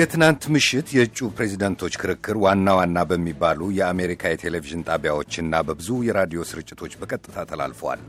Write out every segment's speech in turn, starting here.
የትናንት ምሽት የእጩ ፕሬዚደንቶች ክርክር ዋና ዋና በሚባሉ የአሜሪካ የቴሌቪዥን ጣቢያዎችና በብዙ የራዲዮ ስርጭቶች በቀጥታ ተላልፈዋል።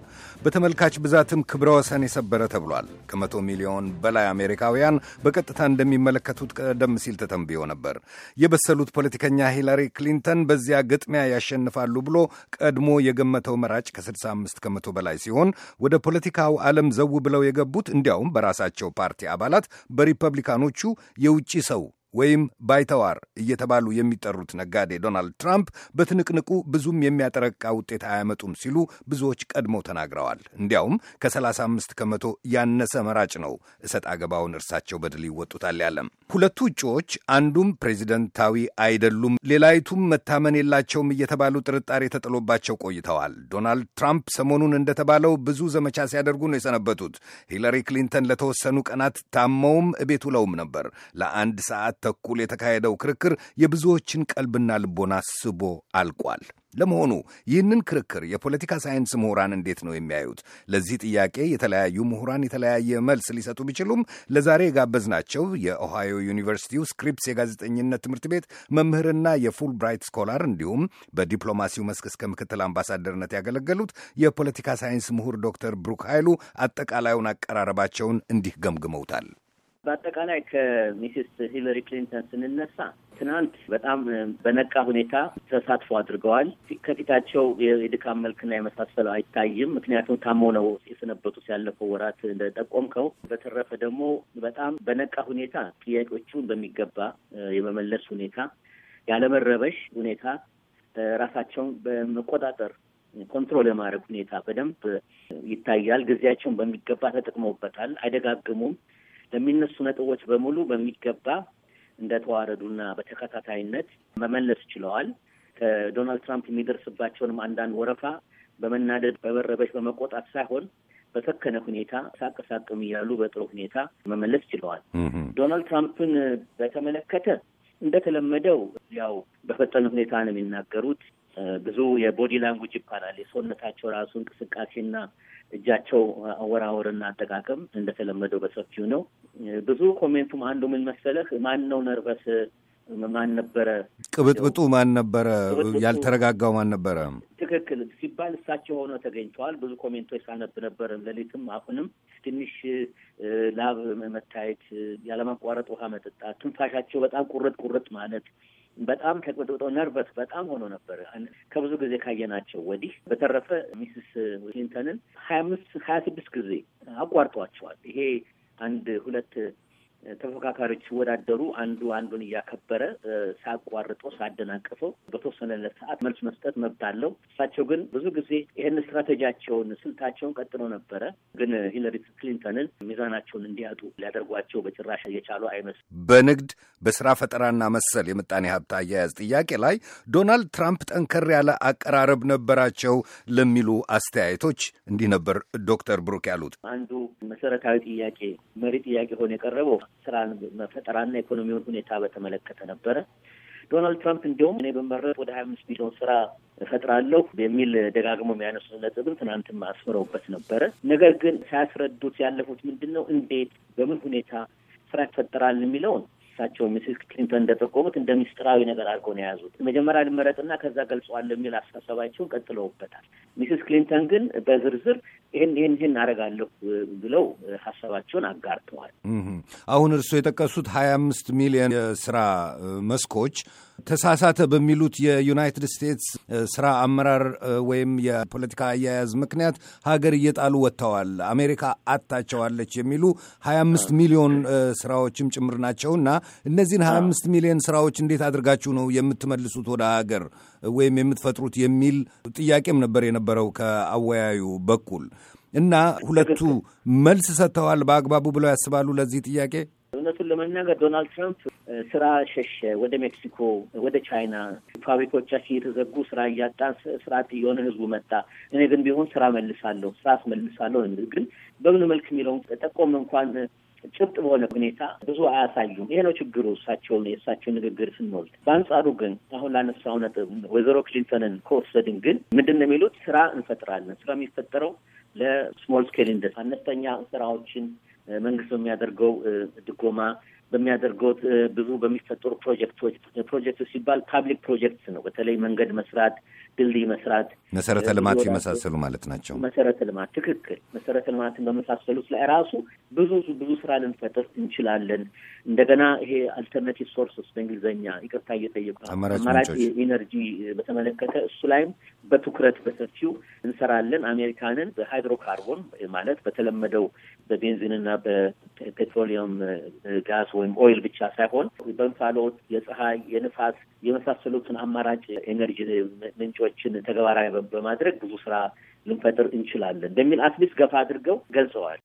በተመልካች ብዛትም ክብረ ወሰን የሰበረ ተብሏል። ከመቶ ሚሊዮን በላይ አሜሪካውያን በቀጥታ እንደሚመለከቱት ቀደም ሲል ተተንብዮ ነበር። የበሰሉት ፖለቲከኛ ሂላሪ ክሊንተን በዚያ ግጥሚያ ያሸንፋሉ ብሎ ቀድሞ የገመተው መራጭ ከ65 ከመቶ በላይ ሲሆን ወደ ፖለቲካው ዓለም ዘው ብለው የገቡት እንዲያውም በራሳቸው ፓርቲ አባላት በሪፐብሊካኖቹ የውጭ ሰው ወይም ባይተዋር እየተባሉ የሚጠሩት ነጋዴ ዶናልድ ትራምፕ በትንቅንቁ ብዙም የሚያጠረቃ ውጤት አያመጡም ሲሉ ብዙዎች ቀድመው ተናግረዋል። እንዲያውም ከ35 ከመቶ ያነሰ መራጭ ነው እሰጥ አገባውን እርሳቸው በድል ይወጡታል ያለም። ሁለቱ እጩዎች አንዱም ፕሬዚደንታዊ አይደሉም፣ ሌላይቱም መታመን የላቸውም እየተባሉ ጥርጣሬ ተጥሎባቸው ቆይተዋል። ዶናልድ ትራምፕ ሰሞኑን እንደተባለው ብዙ ዘመቻ ሲያደርጉ ነው የሰነበቱት። ሂለሪ ክሊንተን ለተወሰኑ ቀናት ታመውም እቤት ውለውም ነበር ለአንድ ሰዓት ተኩል የተካሄደው ክርክር የብዙዎችን ቀልብና ልቦና ስቦ አልቋል። ለመሆኑ ይህንን ክርክር የፖለቲካ ሳይንስ ምሁራን እንዴት ነው የሚያዩት? ለዚህ ጥያቄ የተለያዩ ምሁራን የተለያየ መልስ ሊሰጡ ቢችሉም ለዛሬ የጋበዝናቸው የኦሃዮ ዩኒቨርሲቲው ስክሪፕስ የጋዜጠኝነት ትምህርት ቤት መምህርና የፉል ብራይት ስኮላር እንዲሁም በዲፕሎማሲው መስክ እስከ ምክትል አምባሳደርነት ያገለገሉት የፖለቲካ ሳይንስ ምሁር ዶክተር ብሩክ ኃይሉ አጠቃላዩን አቀራረባቸውን እንዲህ ገምግመውታል። በአጠቃላይ ከሚስስ ሂለሪ ክሊንተን ስንነሳ ትናንት በጣም በነቃ ሁኔታ ተሳትፎ አድርገዋል። ከፊታቸው የድካም መልክና የመሳሰለው አይታይም። ምክንያቱም ታሞ ነው የሰነበቱት ያለፈው ወራት እንደጠቆምከው። በተረፈ ደግሞ በጣም በነቃ ሁኔታ ጥያቄዎቹን በሚገባ የመመለስ ሁኔታ፣ ያለመረበሽ ሁኔታ፣ ራሳቸውን በመቆጣጠር ኮንትሮል የማድረግ ሁኔታ በደንብ ይታያል። ጊዜያቸውን በሚገባ ተጠቅመውበታል። አይደጋግሙም። ለሚነሱ ነጥቦች በሙሉ በሚገባ እንደተዋረዱና በተከታታይነት መመለስ ችለዋል። ከዶናልድ ትራምፕ የሚደርስባቸውንም አንዳንድ ወረፋ በመናደድ በመረበሽ፣ በመቆጣት ሳይሆን በሰከነ ሁኔታ ሳቅ ሳቅም እያሉ በጥሩ ሁኔታ መመለስ ችለዋል። ዶናልድ ትራምፕን በተመለከተ እንደተለመደው ያው በፈጠነ ሁኔታ ነው የሚናገሩት። ብዙ የቦዲ ላንጉጅ ይባላል የሰውነታቸው ራሱ እንቅስቃሴና እጃቸው አወራወርና አጠቃቀም እንደተለመደው በሰፊው ነው። ብዙ ኮሜንቱም አንዱ ምን መሰለህ፣ ማን ነው ነርቨስ ማን ነበረ? ቅብጥብጡ ማን ነበረ? ያልተረጋጋው ማን ነበረ? ትክክል ሲባል እሳቸው ሆኖ ተገኝተዋል። ብዙ ኮሜንቶች ሳነብ ነበር፣ ሌሊትም አሁንም። ትንሽ ላብ መታየት፣ ያለማቋረጥ ውሃ መጠጣት፣ ትንፋሻቸው በጣም ቁርጥ ቁርጥ ማለት በጣም ተቆጥጦ ነርቨስ በጣም ሆኖ ነበር ከብዙ ጊዜ ካየናቸው ወዲህ። በተረፈ ሚስስ ክሊንተንን ሀያ አምስት ሀያ ስድስት ጊዜ አቋርጧቸዋል። ይሄ አንድ ሁለት ተፎካካሪዎች ሲወዳደሩ አንዱ አንዱን እያከበረ ሳቋርጦ ሳደናቅፈው በተወሰነለት ሰዓት መልስ መስጠት መብት አለው። እሳቸው ግን ብዙ ጊዜ ይህን ስትራቴጂያቸውን ስልታቸውን ቀጥሎ ነበረ። ግን ሂለሪ ክሊንተንን ሚዛናቸውን እንዲያጡ ሊያደርጓቸው በጭራሽ የቻሉ አይመስልም። በንግድ በስራ ፈጠራና መሰል የምጣኔ ሀብት አያያዝ ጥያቄ ላይ ዶናልድ ትራምፕ ጠንከር ያለ አቀራረብ ነበራቸው ለሚሉ አስተያየቶች እንዲህ ነበር ዶክተር ብሩክ ያሉት አንዱ መሰረታዊ ጥያቄ መሪ ጥያቄ ሆነ የቀረበው ስራን ፈጠራና ኢኮኖሚውን ሁኔታ በተመለከተ ነበረ። ዶናልድ ትራምፕ እንዲሁም እኔ በመረጥ ወደ ሀያ አምስት ቢሊዮን ስራ እፈጥራለሁ የሚል ደጋግሞ የሚያነሱ ነጥብም ትናንትም አስምረውበት ነበረ። ነገር ግን ሳያስረዱት ያለፉት ምንድን ነው፣ እንዴት በምን ሁኔታ ስራ ይፈጠራል የሚለውን እሳቸው ሚስስ ክሊንተን እንደጠቆሙት እንደ ሚስጥራዊ ነገር አድርገው ነው የያዙት። መጀመሪያ ልመረጥና ከዛ ገልጸዋል የሚል አሳሰባቸውን ቀጥለውበታል። ሚስስ ክሊንተን ግን በዝርዝር ይህን ይህን ይህን አደርጋለሁ ብለው ሀሳባቸውን አጋርተዋል። አሁን እርስዎ የጠቀሱት ሀያ አምስት ሚሊዮን የስራ መስኮች ተሳሳተ በሚሉት የዩናይትድ ስቴትስ ስራ አመራር ወይም የፖለቲካ አያያዝ ምክንያት ሀገር እየጣሉ ወጥተዋል፣ አሜሪካ አታቸዋለች የሚሉ 25 ሚሊዮን ስራዎችም ጭምር ናቸው እና እነዚህን 25 ሚሊዮን ስራዎች እንዴት አድርጋችሁ ነው የምትመልሱት ወደ ሀገር ወይም የምትፈጥሩት የሚል ጥያቄም ነበር የነበረው ከአወያዩ በኩል። እና ሁለቱ መልስ ሰጥተዋል በአግባቡ ብለው ያስባሉ ለዚህ ጥያቄ? እውነቱን ለመናገር ዶናልድ ትራምፕ ስራ ሸሸ ወደ ሜክሲኮ፣ ወደ ቻይና። ፋብሪካዎቻችን እየተዘጉ ስራ እያጣን ስራ የሆነ ህዝቡ መጣ። እኔ ግን ቢሆን ስራ መልሳለሁ፣ ስራ አስመልሳለሁ። ግን በምን መልክ የሚለውን ጠቆም እንኳን ጭብጥ በሆነ ሁኔታ ብዙ አያሳዩም። ይሄ ነው ችግሩ እሳቸውን የእሳቸውን ንግግር ስንወልድ በአንጻሩ ግን አሁን ላነሳው ነጥብ ወይዘሮ ክሊንተንን ከወሰድን ግን ምንድን ነው የሚሉት ስራ እንፈጥራለን። ስራ የሚፈጠረው ለስሞል ስኬል ኢንደስ አነስተኛ ስራዎችን መንግስት በሚያደርገው ድጎማ በሚያደርገው ብዙ በሚፈጠሩ ፕሮጀክቶች ፕሮጀክቶች ሲባል ፓብሊክ ፕሮጀክትስ ነው። በተለይ መንገድ መስራት ድልድይ መስራት፣ መሰረተ ልማት የመሳሰሉ ማለት ናቸው። መሰረተ ልማት ትክክል። መሰረተ ልማትን በመሳሰሉት ላይ ራሱ ብዙ ብዙ ስራ ልንፈጥር እንችላለን። እንደገና ይሄ አልተርናቲቭ ሶርስስ በእንግሊዝኛ ይቅርታ እየጠየቁ አማራጭ ኢነርጂ በተመለከተ እሱ ላይም በትኩረት በሰፊው እንሰራለን። አሜሪካንን በሃይድሮካርቦን ማለት በተለመደው በቤንዚንና በፔትሮሊየም ጋዝ ወይም ኦይል ብቻ ሳይሆን በእንፋሎት፣ የፀሐይ፣ የንፋስ የመሳሰሉትን አማራጭ ኤነርጂ ምንጮችን ተግባራዊ በማድረግ ብዙ ስራ ልንፈጥር እንችላለን በሚል አትሊስት ገፋ አድርገው ገልጸዋል።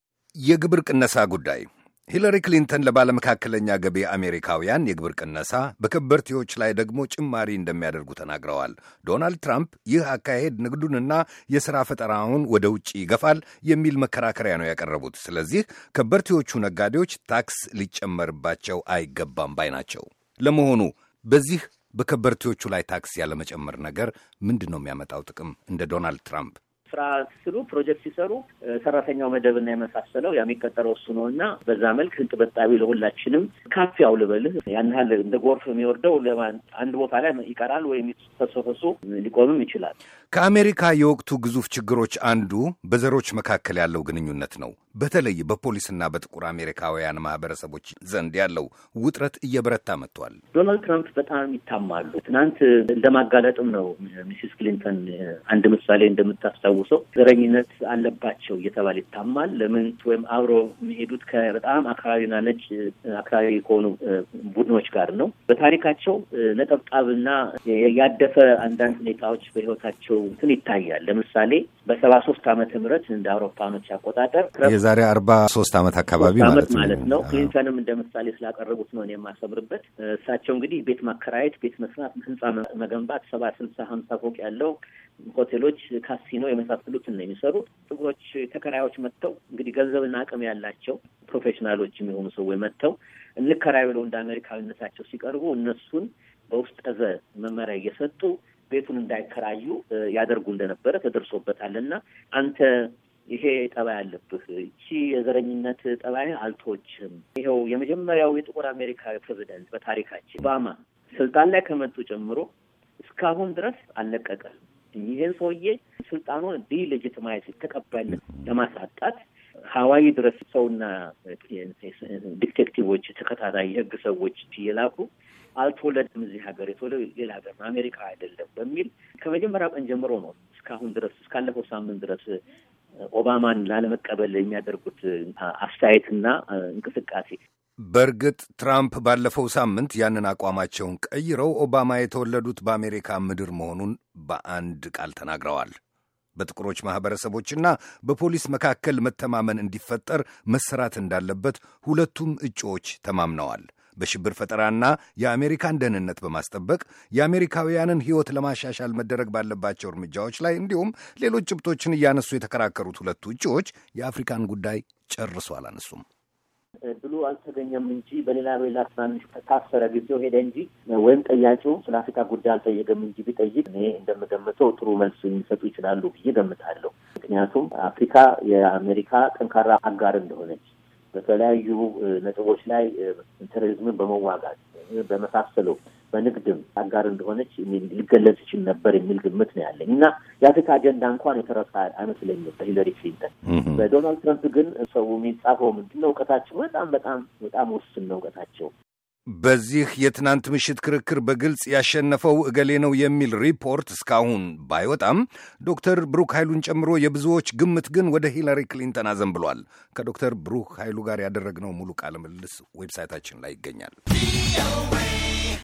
የግብር ቅነሳ ጉዳይ ሂለሪ ክሊንተን ለባለመካከለኛ ገቢ አሜሪካውያን የግብር ቅነሳ በከበርቴዎች ላይ ደግሞ ጭማሪ እንደሚያደርጉ ተናግረዋል። ዶናልድ ትራምፕ ይህ አካሄድ ንግዱንና የሥራ ፈጠራውን ወደ ውጭ ይገፋል የሚል መከራከሪያ ነው ያቀረቡት። ስለዚህ ከበርቴዎቹ ነጋዴዎች ታክስ ሊጨመርባቸው አይገባም ባይ ናቸው። ለመሆኑ በዚህ በከበርቴዎቹ ላይ ታክስ ያለመጨመር ነገር ምንድን ነው የሚያመጣው ጥቅም? እንደ ዶናልድ ትራምፕ ስራ ስሉ ፕሮጀክት ሲሰሩ ሰራተኛው መደብና የመሳሰለው ያ የሚቀጠረው እሱ ነው እና በዛ መልክ ህግ በጣቢ ለሁላችንም ካፍ ያው ልበልህ ያን ያህል እንደ ጎርፍ የሚወርደው አንድ ቦታ ላይ ይቀራል ወይም ተሶፈሶ ሊቆምም ይችላል። ከአሜሪካ የወቅቱ ግዙፍ ችግሮች አንዱ በዘሮች መካከል ያለው ግንኙነት ነው። በተለይ በፖሊስና በጥቁር አሜሪካውያን ማህበረሰቦች ዘንድ ያለው ውጥረት እየበረታ መጥቷል። ዶናልድ ትራምፕ በጣም ይታማሉ። ትናንት እንደማጋለጥም ነው ሚስስ ክሊንተን አንድ ምሳሌ እንደምታስታው የምናስታውሰው ዘረኝነት አለባቸው እየተባለ ይታማል። ለምን ወይም አብሮ የሚሄዱት ከበጣም አካባቢና ነጭ አካባቢ ከሆኑ ቡድኖች ጋር ነው። በታሪካቸው ነጠብጣብና ያደፈ አንዳንድ ሁኔታዎች በህይወታቸው እንትን ይታያል። ለምሳሌ በሰባ ሶስት ዓመተ ምህረት እንደ አውሮፓኖች አቆጣጠር የዛሬ አርባ ሶስት አመት አካባቢ ማለት ነው። ክሊንተንም እንደ ምሳሌ ስላቀረቡት ነው የማሰምርበት። እሳቸው እንግዲህ ቤት ማከራየት፣ ቤት መስራት፣ ህንፃ መገንባት ሰባ ስልሳ ሀምሳ ፎቅ ያለው ሆቴሎች፣ ካሲኖ የመሳሰሉትን ነው የሚሰሩት። ጥቁሮች ተከራዮች መጥተው እንግዲህ ገንዘብና አቅም ያላቸው ፕሮፌሽናሎች የሚሆኑ ሰዎች መጥተው እንከራይ ብለው እንደ አሜሪካዊነታቸው ሲቀርቡ እነሱን በውስጥ ጠዘ መመሪያ እየሰጡ ቤቱን እንዳይከራዩ ያደርጉ እንደነበረ ተደርሶበታል። እና አንተ ይሄ ጠባይ አለብህ፣ እቺ የዘረኝነት ጠባይ አልቶችም። ይኸው የመጀመሪያው የጥቁር አሜሪካዊ ፕሬዚደንት በታሪካችን ኦባማ ስልጣን ላይ ከመጡ ጀምሮ እስካሁን ድረስ አልለቀቀም። ይህን ሰውዬ ስልጣኑን ዲሌጅትማይዝ ተቀባይነት ለማሳጣት ሀዋይ ድረስ ሰውና ዲቴክቲቮች ተከታታይ የህግ ሰዎች እየላኩ አልተወለድም እዚህ ሀገር የተወለደ ሌላ ሀገር አሜሪካ አይደለም በሚል ከመጀመሪያው ቀን ጀምሮ ነው እስካሁን ድረስ እስካለፈው ሳምንት ድረስ ኦባማን ላለመቀበል የሚያደርጉት አስተያየትና እንቅስቃሴ በእርግጥ ትራምፕ ባለፈው ሳምንት ያንን አቋማቸውን ቀይረው ኦባማ የተወለዱት በአሜሪካ ምድር መሆኑን በአንድ ቃል ተናግረዋል። በጥቁሮች ማኅበረሰቦችና በፖሊስ መካከል መተማመን እንዲፈጠር መሰራት እንዳለበት ሁለቱም እጩዎች ተማምነዋል። በሽብር ፈጠራና የአሜሪካን ደህንነት በማስጠበቅ የአሜሪካውያንን ሕይወት ለማሻሻል መደረግ ባለባቸው እርምጃዎች ላይ እንዲሁም ሌሎች ጭብጦችን እያነሱ የተከራከሩት ሁለቱ እጩዎች የአፍሪካን ጉዳይ ጨርሶ አላነሱም። እድሉ አልተገኘም እንጂ በሌላ በሌላ ትናንሽ ከታሰረ ጊዜው ሄደ እንጂ ወይም ጠያቂው ስለ አፍሪካ ጉዳይ አልጠየቀም እንጂ ቢጠይቅ እኔ እንደምገምተው ጥሩ መልስ የሚሰጡ ይችላሉ ብዬ ገምታለሁ። ምክንያቱም አፍሪካ የአሜሪካ ጠንካራ አጋር እንደሆነች በተለያዩ ነጥቦች ላይ ቴሮሪዝምን በመዋጋት በመሳሰለው በንግድም አጋር እንደሆነች ሊገለጽ ይችል ነበር የሚል ግምት ነው ያለኝ እና የአፍሪካ አጀንዳ እንኳን የተረሳ አይመስለኝም በሂለሪ ክሊንተን። በዶናልድ ትረምፕ ግን ሰው የሚጻፈው ምንድን ነው? እውቀታቸው በጣም በጣም በጣም ውስን ነው እውቀታቸው። በዚህ የትናንት ምሽት ክርክር በግልጽ ያሸነፈው እገሌ ነው የሚል ሪፖርት እስካሁን ባይወጣም ዶክተር ብሩክ ኃይሉን ጨምሮ የብዙዎች ግምት ግን ወደ ሂላሪ ክሊንተን አዘንብሏል። ከዶክተር ብሩክ ኃይሉ ጋር ያደረግነው ሙሉ ቃለ ምልልስ ዌብሳይታችን ላይ ይገኛል።